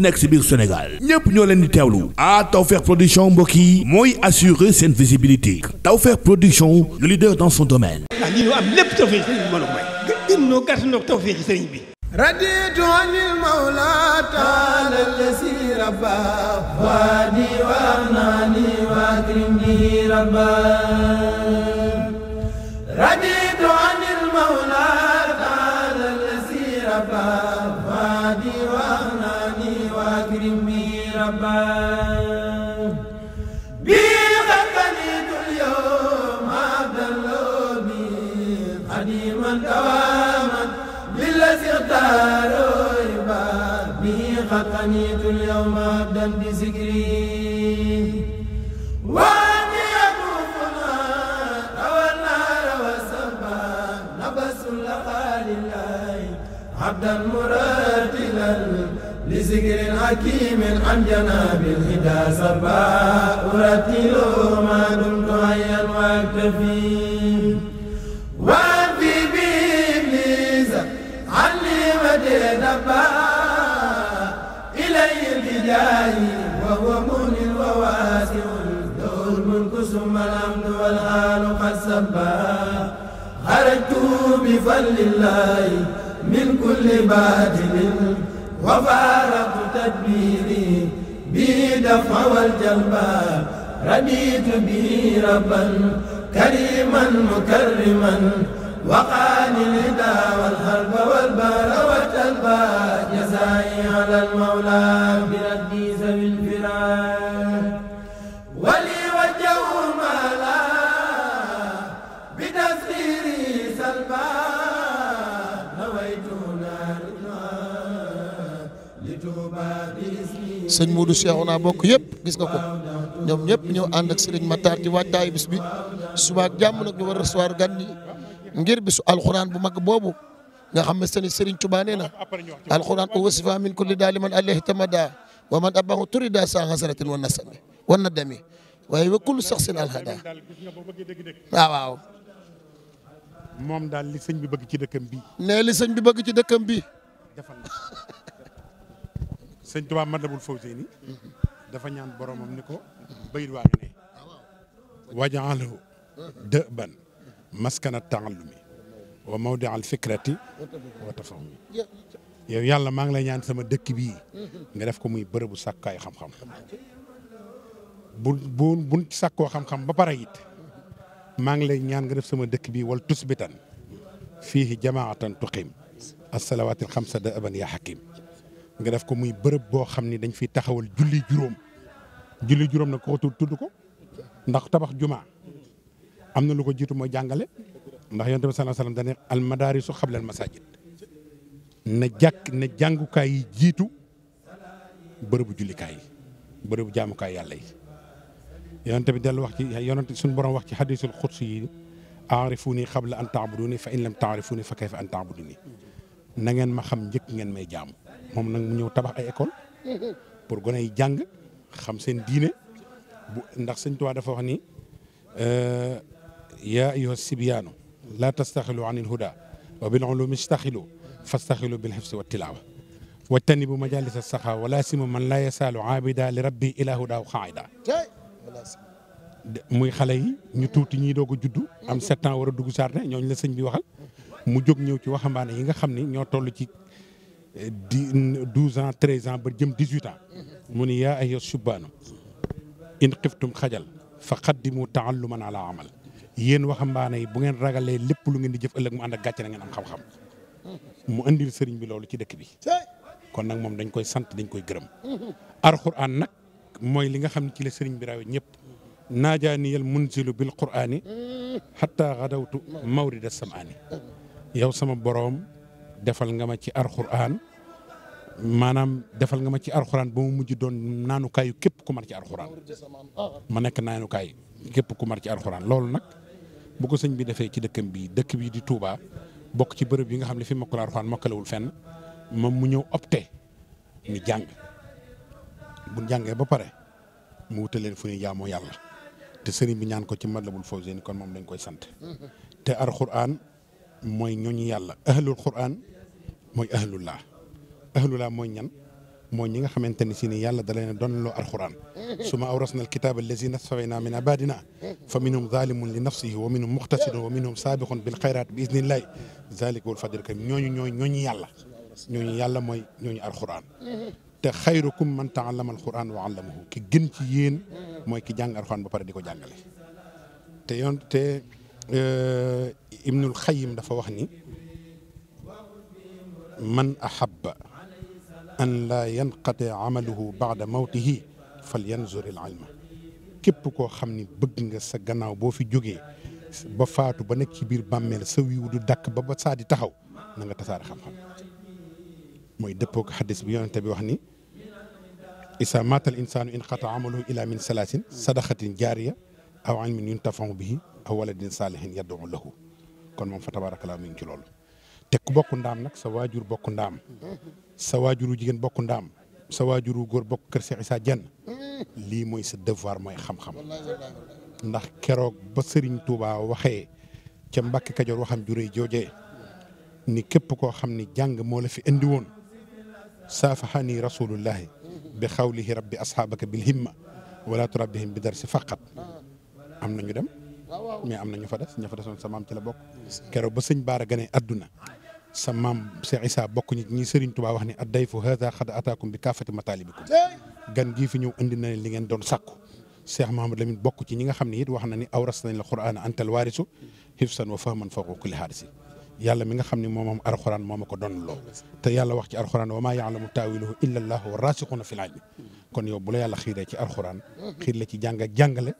munti si biir Sénégal ñépp ñoo leen di teewlu ah Tawfekh production mbokk yi mooy assurer seen visibilité Tawfekh production le leader dans son domaine ah lii am lépp Tawfekh sëriñ bi mën a may gën noo gàtt noo Tawfekh sëriñ bi raditu anil mawla taala allazi rabba اليوم أبدا بذكري وأن يكوفنا روى النار والسماء نبس لقى لله عبدا مرتلا لذكر حكيم عن جناب الهدى سربا أرتل ما دمت حيا وأكتفي ثم الحمد والآل قد سبا خرجت بفضل الله من كل باطل وفارق تدبيري به دفع والجلبا رديت به ربا كريما مكرما وقاني الهدى والحرب والبار والتلبى جزائي على المولى بلا sëñ Modou Cheikhouna bokk yëpp gis nga ko ñoom ñëpp ñëw ànd ak sëriñ Matar ci waajtaayu bis bi suba ak jàmm nag ñu war a recevoir ngir bisu alxuraan bu mag boobu nga xam ne sëriñ sëriñ Tuubaa nee na alxuraan u wasifa min kulli daali man alayhi tamada wa man abahu turida sa hasratin wa nasami wa nadami waaye wa kullu saxsin alhada waaw waaw moom daal li sëñ bi bëgg ci dëkkam bi nee li bi bëgg ci dëkkam bi sëñ Tuubaa Matlabul Fawzeyni dafa ñaan boromam ni ko bayit waa ngi ne wajaalahu dëban maskana taallumi wa mawdia al fikrati wa tafahumi yow yàlla maa ngi lay ñaan sama dëkk bii nga def ko muy bërëbu sàkkaay xam-xam bu bu sakkoo sàkkoo xam-xam ba pare it maa ngi lay ñaan nga def sama dëkk bii wala tusbitan fiihi jamaatan tuqim asalawaati alxamsa dëban yaa xakim nga def ko muy bërëb boo xam ni dañ fi taxawul julli juróom julli juróom na ko tudd ko ndax tabax jumaa am na lu ko jiitu mooy jàngale ndax yonent sa sa alayhi wasallam dane al madaarisu xabla al masajid na jàkk na jàngukaay yi jiitu bërëbu jullikaay yi bërëbu jaamukaay yàlla yi yonent bi dellu wax ci yonent suñu borom wax ci hadisul xudsi yi aarifuni xabla an taabuduni fa in lam taarifuni fa kayfa an taabuduni na ngeen ma xam njëkk ngeen may jaamu moom nag mu ñëw tabax ay école pour gone yi jàng xam seen diine bu ndax sëñ Tuubaa dafa wax ni yaa ayyuha sibiyaanu laa tastaxilu an il huda o bil ulumi istaxilu fastaxilu bil hifsi wa tilaawa wajtanibu majalisa saxa wala sima man laa yasaalu aabida li rabbi ilaa huda wa xaayida muy xale yi ñu tuuti ñii doog a juddu am sept ans war a dugg jardin ñooñ la sëñ bi waxal mu jóg ñëw ci waxambaane yi nga xam ni ñoo toll ci dix douze ans treize ans jëm dix huit ans mu ni yaa ay subbaanu in xiftum xajal fa xaddimu taalluman ala amal yéen waxambaane yi bu ngeen ragalee lépp lu ngeen di jëf ëllëg mu ànd gàcce na ngeen am xam-xam mu andil sëriñ bi loolu ci dëkk bi kon nag moom dañ koy sant dañ koy gërëm alxuraan nag mooy li nga xam ne ci la sëriñ bi rawe ñëpp naajaaniyal munzilu bil quraani xatta xadawtu mawrida samaani yow sama boroom defal nga ma ci alxuraan maanaam defal nga ma ci alxuraan ba mu mujj doon naanukaayu képp ku mar ci alxuraan ma nekk naanukaay képp ku mar ci alxuraan loolu nag bu ko sëñ bi defee ci dëkkam bi dëkk bi di tuubaa bokk ci bërëb yi nga xam ne fi mokkal alxuraan mokkalewul fenn moom mu ñëw opté ni jàng bu jàngee ba pare mu wutal leen fu ñuy jaamoo yàlla te sëriñ bi ñaan ko ci Matlabul Fawzayni kon moom dañ koy sant te alxuraan mooy ñooñu yàlla ahlul quran mooy ahlullah ahlullah mooy ñan mooy ñi nga xamante ne si ni yàlla da leen a doon loo alquran suma awrasna alkitaba allazi nastafayna min abadina fa minhum zalimun li nafsihi wa minhum muqtasidun wa minhum sabiqun bil xayrat bi idnillahi zalika wal fadl kam ñooñu ñooy ñooñu yàlla ñooñu yàlla mooy ñooñu alquran te xayrukum man ta taallama alquran wa allamahu ki gën ci yéen mooy ki jàng alquran ba pare di ko jàngale ibnul xayim dafa wax ni man ahabba an laa yanqati amaluhu baada mawtihi fal yanzur il ilma képp koo xam ni bëgg nga sa gannaaw boo fi jógee ba faatu ba nekk ci biir bàmmeel sa wiw du dakk ba ba saa di taxaw na nga tasaare xam-xam mooy dëppook xaddis bi yonente bi wax ni isa maata al insaanu inqata amaluhu ila min salaasin sadaqatin jaariya aw ilmin yuntafau bihi aw waladin saalihin yad'u lahu kon moom fa tabaarakallaa mi ngi ci loolu te ku bokk ndaam nag sa waajur bokk ndaam sa waajuru jigéen bokk ndaam sa waajuru góor bokk kër Cheikh Issa Diène lii mooy sa devoir mooy xam-xam ndax keroog ba sëriñ Touba waxee ca Mbàkke Kajoor waxam juree joojee ni képp koo xam ni jàng moo la fi indi woon saafahani rasulullahi bi xawlihi bi asxaabaka bil himma wala turabbihim bi si faqat am nañu dem mais am na ñu fa des ña fa desoon sa maam ci la bokk keroog ba sëñ Baara gane adduna sa maam Cheikh Issa bokk ñi ñi Serigne Touba wax ni ad day fu haza xad ataakum bi kaafati mataalibikum gan gii fi ñëw indi na li ngeen doon sàkku Cheikh Mahamad Lamine bokk ci ñi nga xam ne it wax na ni awras nañ la Qur'aan antal waarisu hifsan wa fahman fawqa kulli haadisi yàlla mi nga xam ne moom moom alxuraan moo ma ko doon loo te yàlla wax ci alxuraan wa maa yaalamu taawiluhu illa allah wa raasixuuna fil ilmi kon yow bu la yàlla mm-hmm. la ci jàng ak jàngale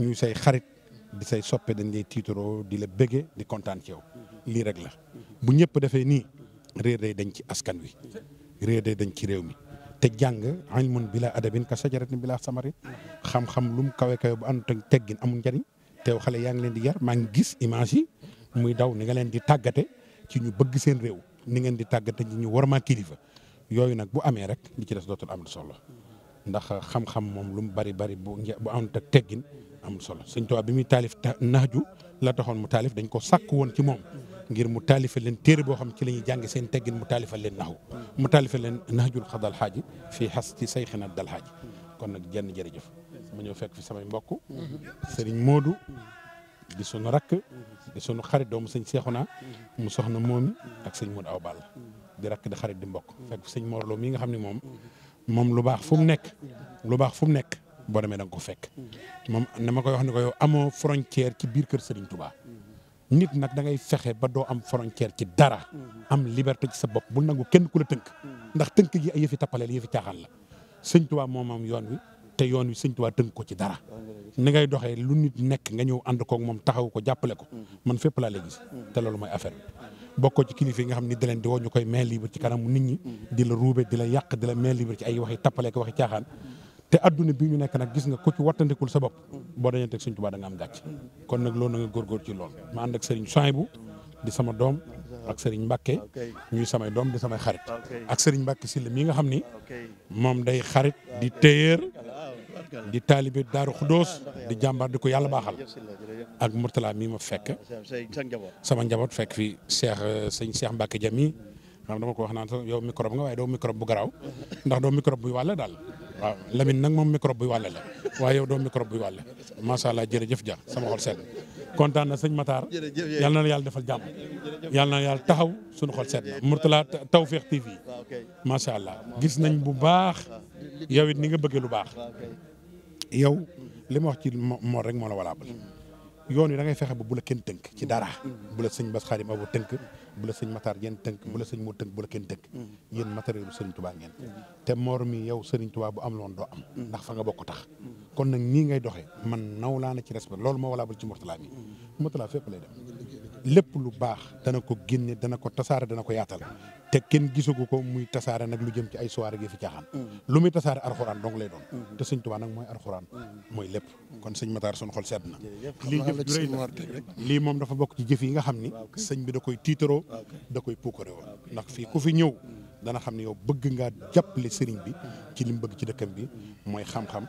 ñu say di say soppe dañ lay tiitaroo di la bëggee di kontaan ci yow lii rek la bu ñëpp defee nii réer day dañ ci askan wi réer day dañ ci réew mi te jàng ilmun bila adabin ka sajaratin bila samarin xam-xam lu mu kawe kawe bu ànd ak teggin amul njariñ teew xale yaa ngi leen di yar maa ngi gis image yi muy daw ni nga leen di tàggate ci ñu bëgg seen réew ni ngeen di tàggate ci ñu war maa kilifa yooyu nag bu amee rek li ci des dootul am solo ndax xam-xam moom lu mu bari bari bu bu amut ak teggin amul solo sëñ Tuubaa bi muy taalif naaju la taxoon mu taalif dañ ko sàkk woon ci moom ngir mu taalifa leen téere boo xam ci la ñuy jàng seen teggin mu taalifa leen naxu mu taalifa leen jul naxjul xadal xaaji fii xas ci say xinat dal xaaji kon nag jenn jërëjëf ma ñëw fekk fi samay mbokk sëriñ Moodu di sunu rakk di sunu xarit doomu sëñ Seexuna mu soxna moomi ak sëñ Moodu aw Balla di rakk di xarit mbokk fekk sëñ Morlo mii nga xam ne moom moom lu baax fu mu nekk lu baax fu mu nekk boo demee da ko fekk moom na ma koy wax ne ko yow amoo frontière ci biir kër Serigne Touba nit nag da ngay fexe ba doo am frontière ci dara am liberté ci sa bopp bul nangu kenn ku la tënk ndax tënk gi ay yëfi tappaleel yëfi caaxaan la sëñ Touba moom am yoon wi te yoon wi Serigne Touba tënk ko ci dara ni ngay doxee lu nit nekk nga ñëw ànd koog moom taxaw ko jàppale ko man fépp laa lay gis te loolu mooy affaire bi bokkoo ci kilifa yi nga xam ni da leen di woo ñu koy main libre ci kanamu nit ñi di la ruube di la yàq di la main libre ci ay waxi tappaleek waxi caaxaan te adduna bii ñu nekk nag gis nga ku ci wattandikul sa bopp boo dañee teg Sëriñ Tuubaa da nga am gàcc kon nag loolu na nga góorgóor ci lool ma ànd ak Sëriñ Souhaïbou di sama doom ak Serigne Mbacke ñuy samay doom di samay xarit ak Serigne Mbacke Sylla mi nga xam ni moom day xarit di téyeer di taalibe Daaru Xudóos di jàmbaar di ko yàlla baaxal ak Mourtala mi ma fekk sama njaboot fekk fi Cheikh euh, sëñ Cheikh Mbacke Jami xam dama ko wax naan sax yow microbe nga waaye doo microbe bu garaaw ndax doo microbe buy wàll daal waaw Lamine nag moom microbe buy wàll la waaye yow doo microbe buy wàll macha allah jërëjëf ja sama xol sedd kontaan na sëñ Matar yal na yàlla defal jàmm yal na yàlla taxaw suñu xol sedd na Mourtala Tawfekh TV macha allah gis nañ bu baax yow it ni nga bëggee lu baax yow li ma wax ci Mor rek moo la valable yoon yi da ngay fexe ba bu la kenn tënk ci dara bu la sëñ Bass Khadim bu tënk bu la sëñ Matar ngeen tënk bu la sëñ moo tënk bu la kenn tënk yéen matériel bu sëriñ Touba ngeen te Mor mi yow sëriñ Touba bu am loon doo am ndax fa nga bokk tax kon nag nii ngay doxee man naw laa na ci respect loolu moo valable ci Mourtala mi Mourtala fépp lay dem lépp lu baax dana ko génne dana ko tasaare dana ko yaatal te kenn gisagu ko muy tasaare nag lu jëm ci ay soirée gi fi caaxaan mm-hmm. lu muy tasaare arxuraan donc lay doon mm-hmm. te sëñ Tuubaa nag mooy arxuraan mm-hmm. mooy lépp kon sëñ Matar sun xol sedd na lii jëf ju rëy la lii moom dafa bokk ci jëf yi nga xam ni sëñ bi da koy tiitaroo da koy puukaree woon ndax fii ku fi ñëw dana xam ne yow bëgg ngaa jàppale sëriñ bi ci li mu bëgg ci dëkkam bi mooy xam-xam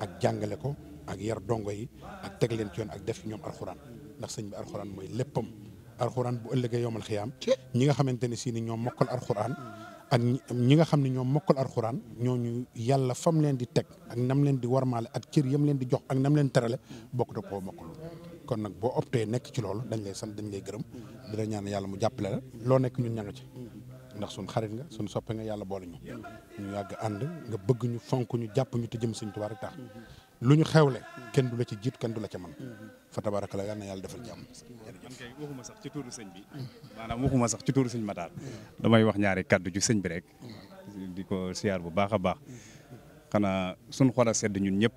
ak jàngale ko ak yar dongo yi ak teg leen ci yoon ak def ñoom arxuraan ndax sëñ bi alxuraan mooy léppam alxuraan bu ëllëgee yomal xiyaam ñi nga xamante ne si ni ñoom mokkal alxuraan ak ñi nga xam ne ñoom mokkal alxuraan ñooñu yàlla fam leen di teg ak nam leen di warmaale ak cër yam leen di jox ak nam leen terale bokk da koo mokkal kon nag boo optee nekk ci loolu dañ lay sant dañ lay gërëm dina ñaan yàlla mu jàppale la loo nekk ñun ña ci ndax suñ xarit nga suñ soppe nga yàlla boole ñu ñu yàgg ànd nga bëgg ñu fonk ñu jàpp ñu te jëm sëñ Tuubaa rek tax lu ñu xewle kenn du la ci jiit kenn du la ca man fa tabaraka la yal na yàlla defal jàmm. man kay waxuma sax ci tuuru sëñ bi maanaam waxuma sax ci tuuru sëñ Matar damay wax ñaari kaddu ci sëñ bi rek di ko siyaar bu baax a baax xanaa suñ xol a sedd ñun ñëpp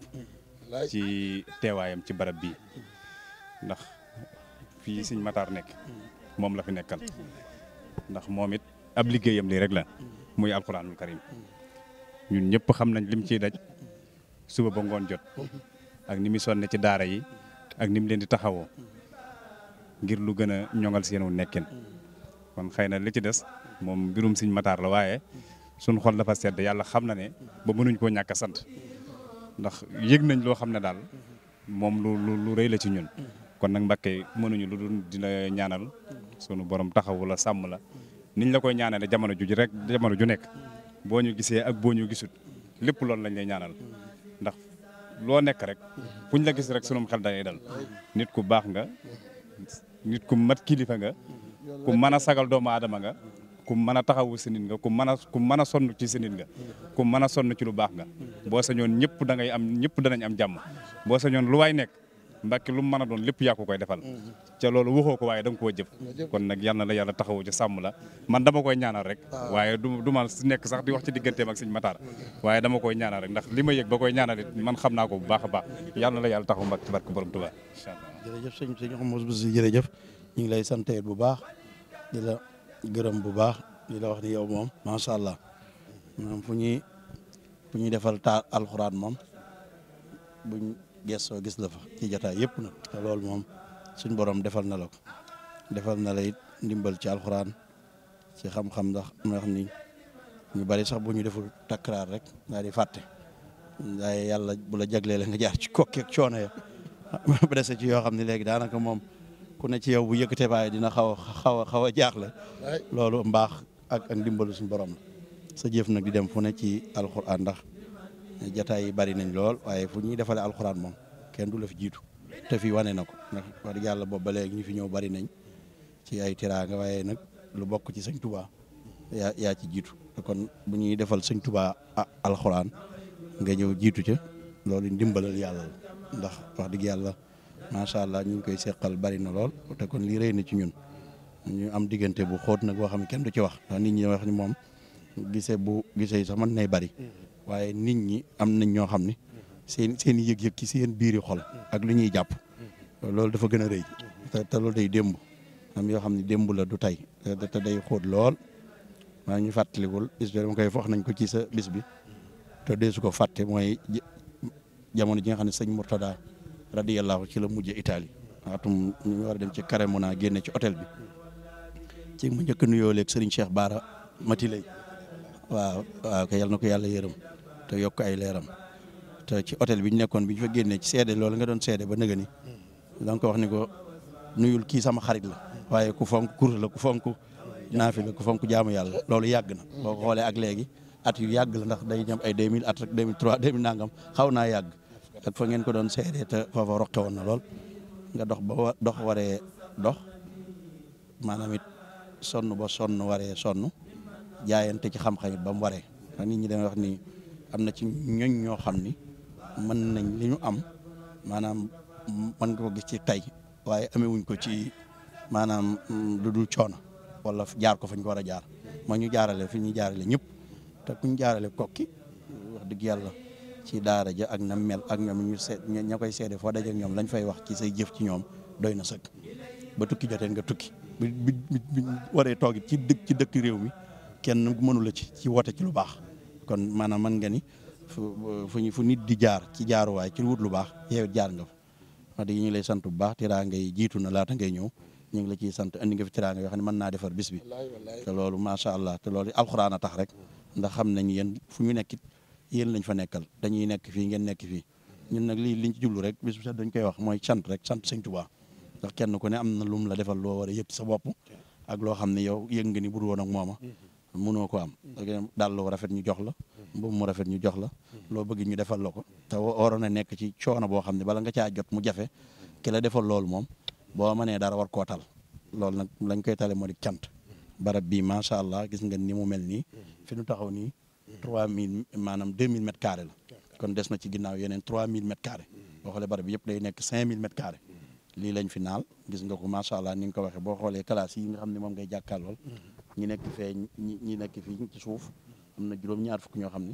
ci teewaayam ci barab bi ndax fi sëñ Matar nekk moom la fi nekkal ndax moom it ab liggéeyam lii rek la muy alxuraanul karim ñun ñëpp xam nañ lim ciy daj suba ba ngoon jot ak ni muy sonne ci daara yi ak ni mu leen di taxawoo ngir lu gën a ñoŋal seenu nekkin kon xëy na li ci des moom mbirum Sëñ mataar la waaye suñ xol dafa sedd yàlla xam na ne ba mënuñ koo ñàkk sant ndax yëg nañ loo xam ne daal moom lu lu lu rëy la ci ñun kon nag Mbàkke mënuñu lu dul dina ñaanal sunu borom taxawu la sàmm la niñ la koy ñaanale jamono ju rek jamono ju nekk boo ñu gisee ak boo ñu gisut lépp loolu lañ lay ñaanal loo nekk rek fuñ la gis rek sunum xel day dal nit ku baax nga nit ku mat kilifa nga ku mën a sagal doomu aadama nga ku mën a taxawu si nga ku mën ku mën a sonn ci si nit nga ku mën a sonn ci lu baax nga boo sañoon ñëpp da ngay am ñëpp danañ am jàmm boo sañoon lu waay nekk Mbàkke lu mu mën a doon lépp yaa ko koy defal mm-hmm. ca loolu waxoo ko waaye da koo jëf kon nag yal na la yàlla taxawu ci sàmm la man dama koy ñaanal rek ah. waaye du du ma nekk sax di wax ci digganteem ak sëñ Matar mm-hmm. waaye dama koy ñaanal rek ndax li ma yëg ba koy ñaanal it man xam naa ko bu baax a baax yal na la a taxawu Mbàkke ci barke borom Tuubaa incha allah jërëjëf sëñ sëñ Moussa Bousso jërëjëf ñu ngi lay sant bu baax di gërëm bu baax di la wax ni yow moom macha allah maanaam fu ñuy fu ñuy defal taal alxuraan moom gestoo gis la fa ci jataay yëpp nag te loolu moom suñ boroom defal na la ko defal na la it ndimbal ci alxuraan ci xam-xam ndax am na ni ñu bari sax bu ñu deful takraar rek daal di fàtte waaye yàlla bu la jaglee la nga jaar ci kokki ak coono ya ba dese ci yoo xam ne léegi daanaka moom ku ne ci yow bu yëkkatee baay dina xaw a xaw a xaw a jaaxle loolu mbaax ak ak ndimbalu suñu borom la sa jëf nag di dem fu ne ci alxuraan ndax jataay yi bari nañ lool waaye fu ñuy defalee alxuraan moom kenn du la fi jiitu te fi wane na ko ndax wax dëgg yàlla boobu ba léegi ñu fi ñëw bari nañ ci ay tiraanga waaye nag lu bokk ci sëñ Touba yaa yaa ci jiitu kon bu ñuy defal sëñ Touba alxuraan nga ñëw jiitu ca loolu ndimbalal yàlla la ndax wax dëgg yàlla macha allah ñu ngi koy seqal bari na lool te kon lii rëy na ci ñun ñu am diggante bu xóot nag boo xam ne kenn du ci wax nit ñi wax ni moom gisee bu gisee sax mën nay bari. waaye nit ñi am nañ ñoo xam ne seen seen yëg-yëg ci seen biiri xol ak lu ñuy jàpp loolu dafa gën a rëy te te loolu day démb am yoo xam ne démb la du tey te day xóot lool maa ñu fàttalikul bis bi nañ ko ci sa bis bi te dee ko fàtte mooy jamono ji nga xam ne sëñ Mourtada radiyallahu ci la mujjee Italie atum ñu war a dem ci Cremona génne ci hôtel bi ci mu njëkk nuyoo léeg sëriñ Cheikh Bara Mati lay waaw waaw kay na ko yàlla yërëm te yokk ay leeram te ci hôtel bi ñu nekkoon bi ñu fa génnee ci seede loolu nga doon seede ba nëgë ni danga ko wax ni ko nuyul kii sama xarit la waaye ku fonk kur la ku fonk naafi la ku fonk jaamu yàlla loolu yàgg na boo xoolee ak léegi at yu yàgg la ndax day ñam ay 2000 at rek 2003 2000 nangam xaw naa yàgg fa ngeen ko doon seede te foofa woon na lool nga dox ba dox waree dox maanaam it sonn ba sonn waree sonn jaayante ci xam-xam it ba mu waree nit ñi dañuy wax ni am na ci ñoñ ñoo xam ni mën nañ li am maanaam mën nga ko gis ci tey waaye amewuñ ko ci maanaam lu dul coono wala jaar ko fañ ko war a jaar moo ñu jaarale fi ñu jaarale ñëpp te kuñ jaarale kokki wax dëgg yàlla ci daara ja ak na mel ak ñoom ñu seet ña koy seede foo daje ñoom lañ fay wax ci say jëf ci ñoom doy na sëkk ba tukki jotee nga tukki bi bi bi waree toog ci dëkk ci dëkk réew mi kenn mënula ci ci woote ci lu baax kon maanaam man nga ni fu fu nit di jaar ci jaaruwaay ci wut lu baax yow jaar nga fa wax dëgg ñu lay sant bu baax tiraa yi jiitu na laata ngay ñëw ñu ngi la ciy sant andi nga fi tiraa nga yoo xam ne mën naa defar bis bi loolu macha allah te loolu alxuraan a tax rek ndax xam yéen fu ñu nekkit yéen lañ fa nekkal dañuy nekk fii ngeen nekk fii ñun nag lii liñ ci jublu rek bis bu set dañ koy wax mooy sant rek sant sëñ Tuubaa ndax kenn ku ne am na lum la defal loo war a yëg sa bopp ak loo xam ne yow yëg nga ni bu woon ak mooma mm-hmm. mënoo ko am daal loo rafet ñu jox la mbubb mu rafet ñu jox la loo bëgg ñu defal la ko te waroon a nekk ci coono boo xam ne bala nga caa jot mu jafe ki la defal loolu moom boo ne dara war koo tal loolu nag lañ koy tale moo di cant barab bii macha allah gis nga ni mu mel nii fi nu nii trois mille maanaam deux mille mètres carrés la kon des na ci ginnaaw yeneen trois mille mètres carrés boo xoolee barab bi nekk cinq mille mètres carrés lii lañ fi naal gis nga ko macha allah ni nga ko waxee boo xoolee classe yi nga xam ne moom ngay jàkkaarlool ñi nekk fee ñi nekk fii ci suuf am na juróom-ñaar fukk ñoo xam ne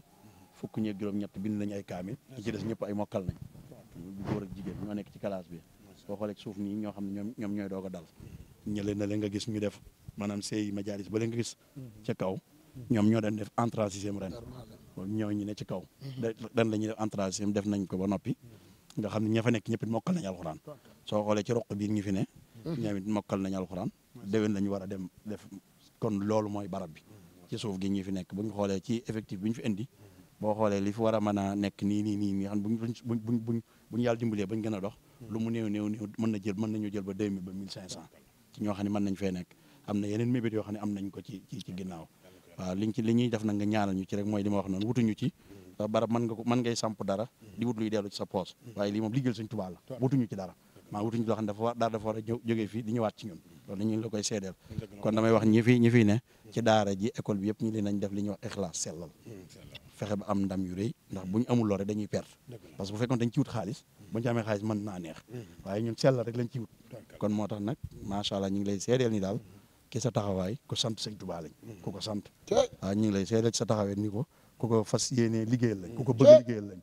fukk ñeeg juróom-ñett bind nañu ay kaamil ñi nekk ci classe bi boo xoolee suuf nii ñoo xam ne ñoom ñoom ñooy doog a dal ñële na leen nga gis ñu def maanaam sey majalis ba leen nga gis ca kaw ñoom ñoo doon def entrée sixième ren ñoo ñu ne ci kaw dan la ñuy def entrée sixième def nañ ko ba noppi nga xam ne ña fa nekk ñëpp mokkal nañu alxuraan soo xoolee ci roq biir ñi fi ne ñoom it mokkal nañu alxuraan déwén lañu war a dem kon loolu mooy barab bi ci suuf gi ñu fi nekk bu ñu xoolee ci effectif bi ñu fi indi boo xoolee li fi war a mën a nekk nii nii nii nii xam buñ buñ buñ buñ bu ñu yàlla bañ gën a dox lu mu néew néew néew mën na jël mën nañu jël ba 2000 ba 1500 ci ñoo xam ne mën nañ fee nekk am na yeneen mébét yoo xam ne am nañ ko ci ci ci ginnaaw waaw liñ ci li ñuy def nag nga ñaanal ñu ci rek mooy li ma wax noonu wutuñu ci barab mën nga ko mën ngay samp dara di wut luy dellu ci sa poos waaye lii moom liggéeyal Sëñ Tuubaa la ci dara maa wutuñu ci loo xam ne dafa war fii di ñëwaat ci ñun loolu ñu la koy seedeel kon damay wax ñi fi ñi fi ne ci daara ji école bi yëpp ñu leen nañ def li ñuy wax ixlaas mm, sellal fexe ba am ndam yu rëy ndax bu ñu amul lore dañuy perte parce que bu fekkoon dañ ci wut xaalis bu ñu ci amee xaalis mën naa neex mm-hmm. waaye ñun sellal rek lañ ci wut kon moo tax nag macha allah ñu ngi lay seedeel ni daal ke sa taxawaay ko sant sëñ Tuubaa lañ mm-hmm. ku ko sant waaw ñu ngi lay seedeel sa taxawaay ni ko ku ko fas yéenee liggéeyal lañ ko ko mm-hmm. bëgg liggéeyal lañ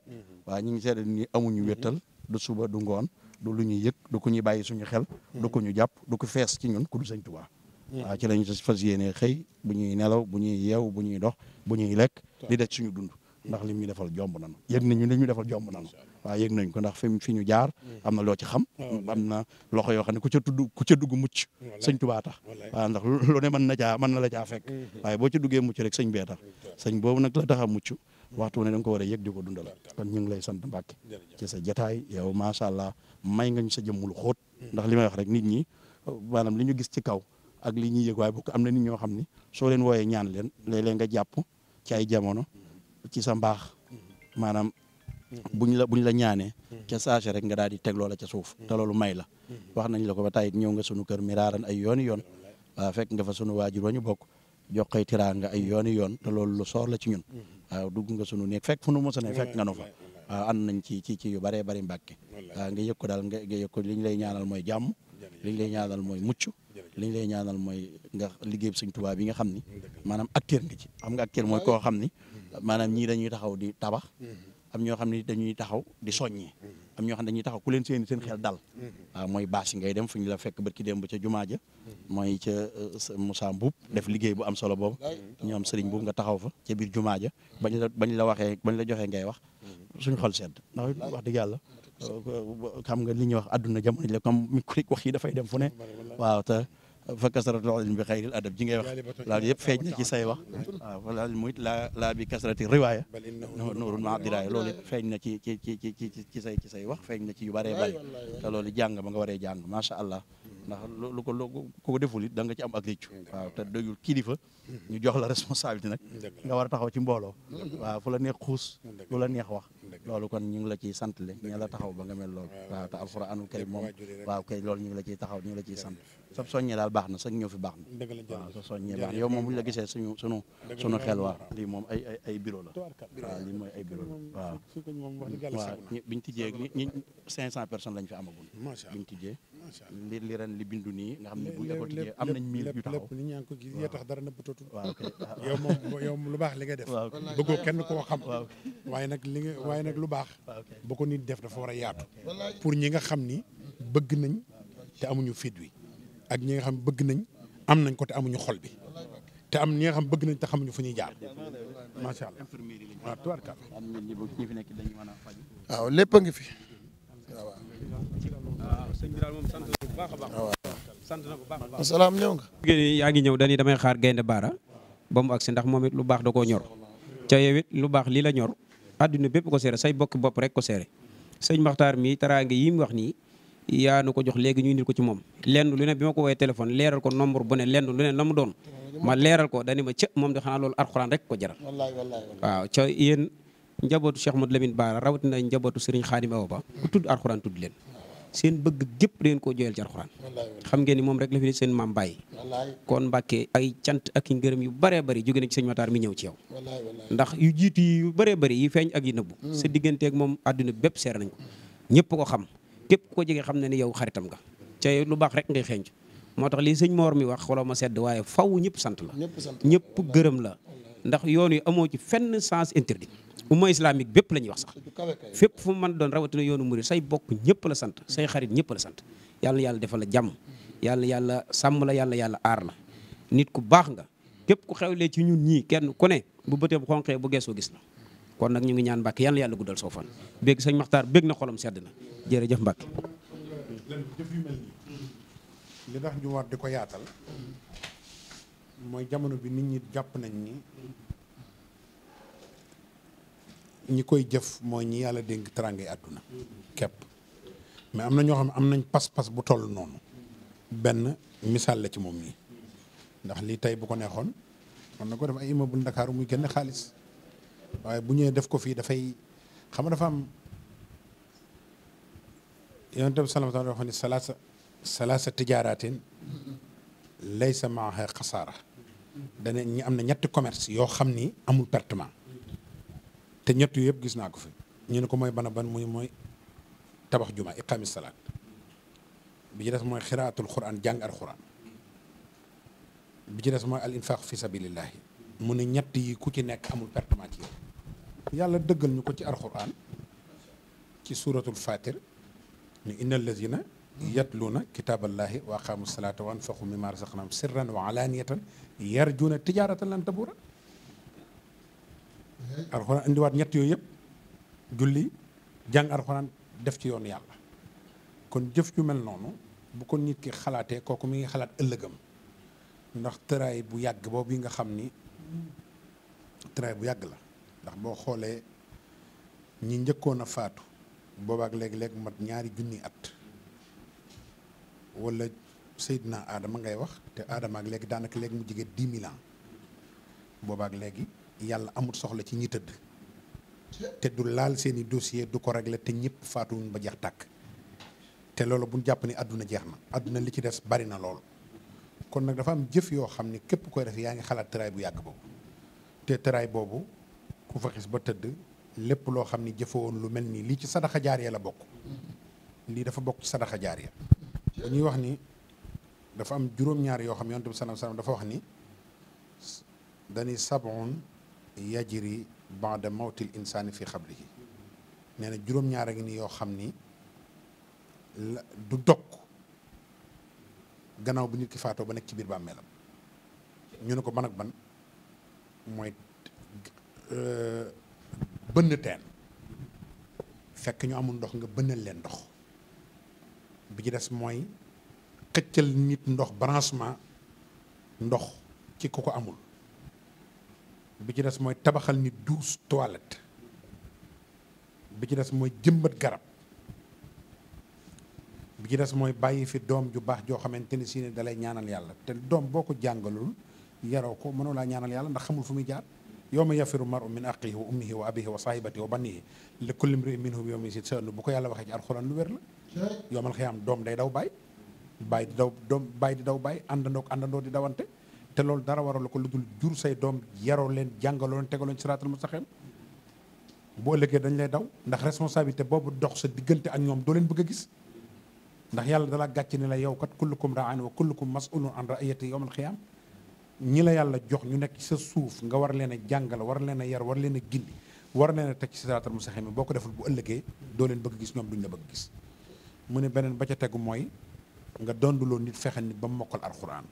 waaye ñu ngi seedeel ni amuñu wéttal du suba du ngoon du lu ñuy yëg du ko ñuy bàyyi suñu xel du ko ñu jàpp du ko fees ci ñun ku dul sëñ Tuubaa mm. ci ci lañ fas yéene xëy bu ñuy nelaw bu ñuy yeew bu ñuy dox bu ñuy lekk di daj suñu dund ndax lim ñu defal jomb na mm. yëg nañu ñu defal jomb nañu waaw yëg nañ ko ndax fi fi ñu jaar mm. am na loo ci xam ah, am na loxo yoo xam ne ku ca tudd ku ca dugg mucc sëñ Tuubaa tax waaw ndax lu ne mën na caa mën na la caa fekk mm-hmm. waaye boo ci duggee mucc rek sëñ bee tax sëñ boobu nag la tax a mucc mm-hmm. waxtu ne da ko war a yëg di ko dundal kon ñu ngi lay sant Mbàkke ci sa jataay yow macha allah may nga ñu sa jëmm lu xóot ndax li may wax rek nit ñi maanaam li ñu gis ci kaw ak li ñuy yëg waaye bokk am na nit ñoo xam ni soo leen wooyee ñaan leen léeg nga jàpp ci ay jamono ci sa mbaax maanaam buñ la buñ la ñaanee ca saase rek nga daal di teg loola ca suuf te loolu may la wax nañ la ko ba tayit ñëw nga sunu kër miraaran ay yooni yoon waaw fekk nga fa sunu waajur wa ñu bokk jox koy tiraanga ay yooni yoon te loolu lu soor la ci ñun waaw dugg nga sunu néeg fekk fu nu mos a ne fekk nga nu fa nañ ci ci ci yu baree bari mbàkke waaw nga yëg ko daal nga nga yëg ko li lay ñaanal mooy jàmm lañ lay ñaanal mooy mucc li lay ñaanal mooy nga liggéey Sëñ tubaab bi nga xam ni maanaam acteur nga ci xam nga acteur mooy koo xam ni mm-hmm. maanaam ñii dañuy taxaw di tabax mm-hmm. am ñoo xam ne dañuy taxaw di soññi mm-hmm. am ñoo xam ne dañuy taxaw ku leen seen seen xel dal waaw mooy baas yi ngay dem fu ñu la fekk bërki dem ba ca jumaa ja mooy ca euh, Moussa Mbuub def liggéey bu am solo boob ñoom sëriñ boobu nga taxaw fa ca biir jumaa ja bañ la la waxee bañ la joxee ngay wax suñ xol sedd xam nga li ñuy wax àdduna jamono ji la comme mi kuréel wax dafay dem fu ne waaw te fa kasratul ilmi bi xayril adab ji ngay wax laal yëpp feeñ na ci say wax waaw wala muy laa laa bi kasrati riwaaya nuurun maa diraaya loolu yëpp feeñ na ci ci ci ci ci say ci say wax feeñ na ci yu bëree bëri te loolu jàng ba nga waree jàng macha allah ndax lu ko lu ko deful it da nga ci am ak réccu waaw te doyul kilifa ñu jox la responsabilité nag nga war a taxaw ci mbooloo waaw fu la neex xuus lu la neex wax loolu kon ñu ngi la ciy sant le ña taxaw ba nga mel loolu waaw ñu ngi la ciy taxaw ñu ngi la ciy sant sab soññee daal baax na sax ñëw fi baax na waaw sa soññee baax na yow moom bu ñu la gisee suñu suñu xel waaw lii moom ay ay ay bureau la waaw lii mooy ay bureau la waaw waaw tijjee ñi cinq cent personnes lañ fi amagul biñu tijjee li li ren li bindu nii nga xam ne bu am nañ mille yu taxaw lépp li ñaa ngi ko gis yee tax dara nëbbatootul waaw yow moom lu baax li nga def bëggoo kenn koo xam waaye nag li nga waaye nag lu baax ba ko nit def dafa war a yaatu pour ñi nga xam ni bëgg nañ te amuñu fit wi ak ñi nga xam bëgg nañ am nañ ko te amuñu xol bi te am ñi nga xam bëgg nañ te xamuñu fu ñuy jaar macha allah waaw tubaarkàlla waaw lépp a ngi fi sëñ bi daal moom a baax. Ah, sant na ko a baax. asalaam ñëw nga. yaa ngi ñëw dañuy damay xaar gaynde baara ba mu agsi ndax moom it lu baax da koo ñor ca yow lu baax lii la ñor àdduna bépp ko seere say bokki bopp rek ko seere sëñ Maxtaar mi taraange yi mu wax nii yaa nu ko jox léegi ñu indil ko ci moom lenn lu ne bi ma ko woowee téléphone leeral ko nombre bu ne lenn lu ne la doon ma leeral ko dani ma ca moom de xanaa loolu alxuraan rek ko jaral waaw ca yéen njabootu Cheikh Modou Lamine Bara rawatina njabootu Serigne Khadim Awa Ba ku tudd seen bëgg gépp leen koo jooyal ci alxuraan xam ngeen ni moom rek la fi ne seen maam bàyyi kon mbàkke ay cant ak i ngërëm yu baree bëri jóge na ci sëñ Matar mi ñëw ci yow ndax yu jiitu yu baree bëri yi feeñ ak yi nëbbu mm. sa digganteeg moom àdduna bépp seer nañ ko ñëpp ko xam képp ko jege xam na ni yow xaritam nga ca lu baax rek ngay xeeñ moo tax li sëñ Moor mi wax xooloo ma sedd waaye faw ñëpp sant la ñëpp gërëm la ndax yoon yi amoo ci fenn sens interdit umma islamique bépp la ñuy wax sax fépp fu man mën doon rawatina yoonu murid say bokk ñëpp la sant say xarit ñëpp la sant yàlla na yàlla defal la jàmm yàlla yàlla sàmm la yàlla yàlla aar la nit ku baax nga képp ku xewlee ci ñun ñii kenn ku ne bu bëtee bu xonqee bu geesoo gis la kon nag ñu ngi ñaan Mbàkke yàlla yàlla guddal soo fan bégg sëñ Maxtaar bégg na xolam sedd na jërëjëf Mbàkke jëf yu mel nii li tax ñu war di ko yaatal mooy jamono bi nit ñi jàpp nañ ni ñi koy jëf mooy ñi yàlla dénk teraangay àdduna képp mais am na ñoo xam ne am nañ pas-pas bu toll noonu benn misaal la ci moom nii ndax lii tey bu ko neexoon mën na ko def ay immeuble Ndakaaru muy génne xaalis waaye bu ñëwee def ko fii dafay xam nga dafa am yonent bi sallallahu alayhi wa sallam ne salaasa salaasa tijaaraatin laysa maaha xasaara dana ñi am na ñetti commerce yoo xam ni amul pertement te ñett yu yëpp gis naa ko fi ñu ne ko mooy bana ban muy mooy tabax juma iqaami salaat bi ci des mooy xiraatul quran jàng al bi ci des mooy al fi sabilillahi mu ne ñett yi ku ci nekk amul pertement ci yow yàlla dëggal ñu ko ci al quran ci suuratul fatir ni inna allazina yatluuna kitaaballahi wa aqaamu salaata wa anfaqu mimma razaqnaahum sirran wa alaaniyatan yarjuuna tijaaratan lan tabuura alxuraan indiwaat ñett yooyu yëpp julli jàng alxuraan def ci yoonu yàlla kon jëf ju mel noonu bu ko nit ki xalaatee kooku mi ngi xalaat ëllëgam ndax tëraay bu yàgg boobu yi nga xam ni tëraay bu yàgg la ndax boo xoolee ñi njëkkoon a faatu boobaak léegi-léegi mat ñaari junni at wala Seydina Adama ngay wax te Adama ak léegi daanaka léegi mu jege di mille ans boobaak léegi yàlla amut soxla ci ñi tëdd te du laal seeni dossier du ko régler te ñëpp faatuwuñ ba jeex tàkk te loolu bu ñu jàpp ni àdduna jeex na àdduna li ci des bari na lool kon nag dafa am jëf yoo xam ne képp koy def yaa ngi xalaat tëraay bu yàgg boobu te tëraay boobu ku fa xis ba tëdd lépp loo xam ne jëfowoon lu mel nii lii ci sadaxa jaariya la bokk lii dafa bokk ci sadaxa jaariya bu ñuy wax ni dafa am juróom-ñaar yoo xam yonent bi salaam salaam dafa wax ni dañuy saboon yajri bada mawtil insaani fi xabrihi nee na juróom-ñaar a ngi ni yoo xam ni du dog gannaaw bi nit ki faatoo ba nekk ci biir bàmmeelam ñu ne ko ban ak ban mooy euh, bënn teen fekk ñu amul ndox nga bënnal leen ndox bi ci des mooy xëccal nit ndox branchement ndox ci ku ko amul bi ci des mooy tabaxal ni douze toilettes bi ci des mooy jëmbat garab bi ci des mooy bàyyi fi doom ju baax joo xamante ni si ne dalay ñaanal yàlla te doom boo ko jàngalul yaroo ko mënoo laa ñaanal yàlla ndax xamul fu muy jaar yawma yafiru maru min aqihi wa ummihi wa abihi wa sahibati wa banihi li kulli mri minhum yawma yasid sa bu ko yàlla waxee ci alxuraan lu wér la yoomal xiyaam doom day daw bàyyi bàyyi di daw doom bàyyi di daw bàyyi te loolu dara waral ko lu dul jur say doom yaroo leen jàngaloo leen tegaloo leen siraatal mustaqiim bu ëllëgee dañ lay daw ndax responsabilité boobu dox sa diggante ak ñoom doo leen bëgg a gis ndax yàlla dalaa gàcc ni la yow kat kullukum ra'aan wa kullukum mas'ulun an ra'iyati yawmal qiyaam ñi la yàlla jox ñu nekk ci sa suuf nga war leen a jàngal war leen a yar war leen a gindi war leen a teg ci siraatal mustaqiim boo ko deful bu ëllëgee doo leen bëgg gis ñoom duñ la bëgg gis mu ne beneen ba ca tegu mooy nga donduloo nit fexe nit ba mu mokkal alxuraan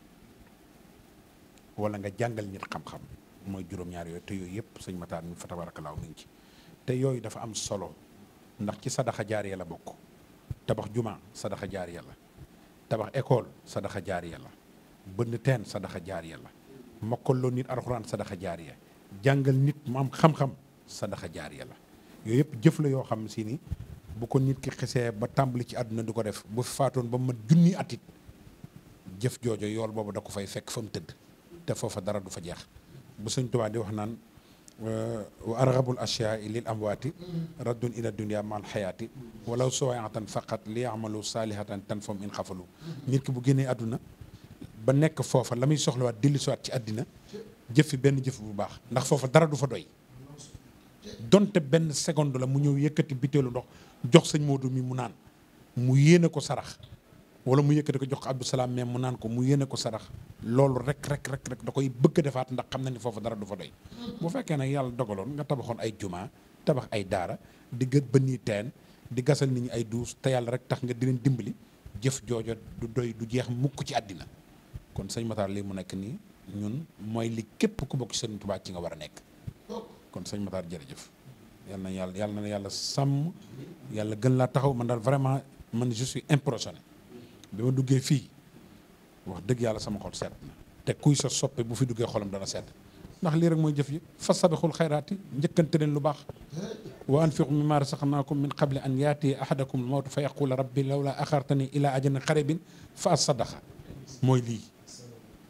wala nga jàngal nit xam-xam mooy juróom-ñaar yooyu te yooyu yëpp sëñ Matar mi fa tabarakalaaw mi ngi ci te yooyu dafa am solo ndax ci sadaxa jaariya la bokk tabax juma sadaxa jaariya la tabax école sadaxa jaariya la bënn teen sadaxa jaariya la mokkaloo nit alxuraan sadaxa jaariya jàngal nit mu am xam-xam sadaxa jaariya la yooyu yëpp jëf la yoo xam si ni bu ko nit ki xisee ba tàmbali ci àdduna du ko def bu faatoon ba mu mat junni atit jëf joojo yool boobu da ko fay fekk fa mu tëdd te foofa dara du fa jeex bu sëñ Tuubaa wax naan wa argabul asyaai lil amwaati raddun ila dunia mal xayaati walaw sowaatan faqat li yamalu saalihatan tan fam in xafalu nit ki bu génnee àdduna ba nekk foofa la muy soxlawaat dellu siwaat ci àddina jëf fi benn jëf bu baax ndax foofa dara du fa doy donte benn seconde la mu ñëw yëkkati biteelu ndox jox sëñ Moodu mi mu naan mu yéene ko sarax wala mu yëkkati ko jox ko abdusalaam mais mu naan ko mu yéene ko sarax loolu rek rek rek rek da koy bëgg defaat ndax xam na ni foofu dara du fa doy mm-hmm. bu fekkee nag yàlla dogaloon nga tabaxoon ay jumaa tabax ay daara di gët bënii teen di gasal nit ñi ay duus te yàlla rek tax nga di leen dimbali jëf joojo du doy du jeex mukk ci àddina kon sëñ Matar lii mu nekk nii ñun mooy li képp ku bokk seen Tuubaa ci nga war a nekk kon sëñ Matar jërëjëf yal na yàlla yal na yàlla sàmm yàlla gën laa taxaw man daal vraiment man je suis impressionné bi ma duggee fii wax dëgg yàlla sama xol seet na te kuy sa soppe bu fi duggee xolam dana sedd ndax lii rek mooy jëf yi fasabixul xayraat yi njëkkante leen lu baax wa anfiqu mimma rasaxnaakum min qabli an yaati ahadakum lmawtu fa yaqula rabbi lawla axartani ila ajalin qaribin fa asadaqa mooy lii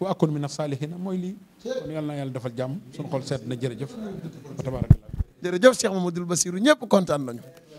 wa akun min asaalihina mooy lii kon yàlla na yàlla defal jàmm suñu xol sedd na jërëjëf wa tabaarakallah jërëjëf Cheikh Mamadou Bassirou ñëpp kontaan nañu